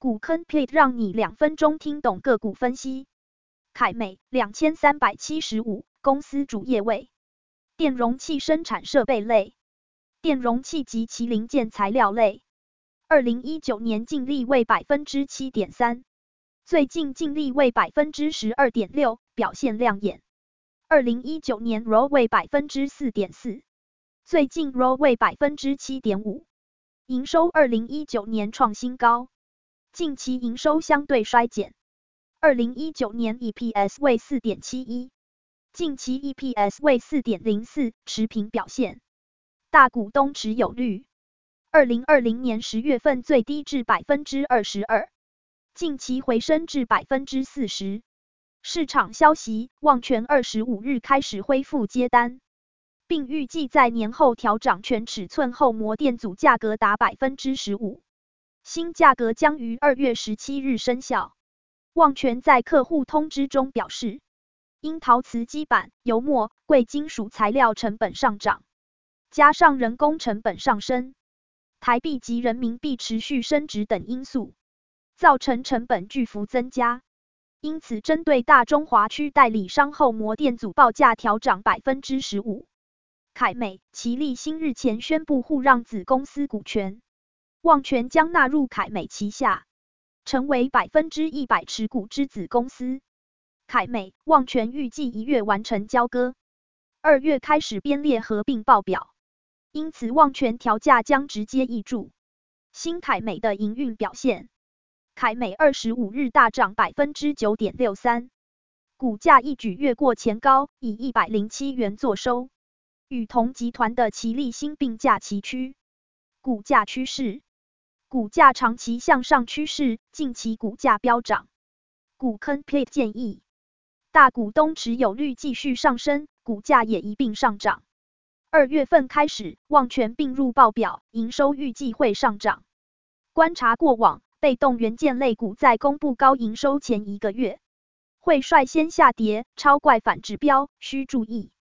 股坑 please 讓你兩分鐘聽懂個股分析。凱美兩千三百七十五公司主業為電容器生產設備類、電容器及其零件材料類。二零一九年淨利為百分之七點三，最近淨利為百分之十二點六，表現亮眼。二零一九年 ROE 為百分之四點四，最近 ROE 為百分之七點五，營收二零一九年創新高。近期營收相對衰減，二零一九年 EPS 為四點七一，近期 EPS 為四點零四，持平表現。大股東持有率，二零二零年十月份最低至百分之二十二，近期回升至百分之四十。市場消息，旺詮二十五日開始恢復接單，並預計在年後調漲全尺寸厚膜電阻價格達百分之十五。新價格將於二月十七日生效。旺詮在客戶通知中表示，因陶瓷基板、油墨、貴金屬材料成本上漲，加上人工成本上升、台幣及人民幣持續升值等因素，造成成本巨幅增加。因此，針對大中華區代理商厚膜電阻報價調漲百分之十五。凱美、奇力新日前宣布互讓子公司股權。旺詮將納入凱美旗下，成為百分之一百持股之子公司。凱美旺詮預計一月完成交割，二月開始編列合併報表，因此旺詮調價將直接挹注新凱美的營運表現。凱美二十五日大漲百分之九點六三，股價一舉越過前高，以一百零七元作收，與同集團的奇力新並駕齊驅，股價趨勢。股價長期向上趨勢，近期股價飆漲。股坑 plate 建議，大股東持有率繼續上升，股價也一併上漲。二月份開始，旺詮併入報表，營收預計會上漲。觀察過往，被動元件類股在公布高營收前一個月，會率先下跌，超怪反指標需注意。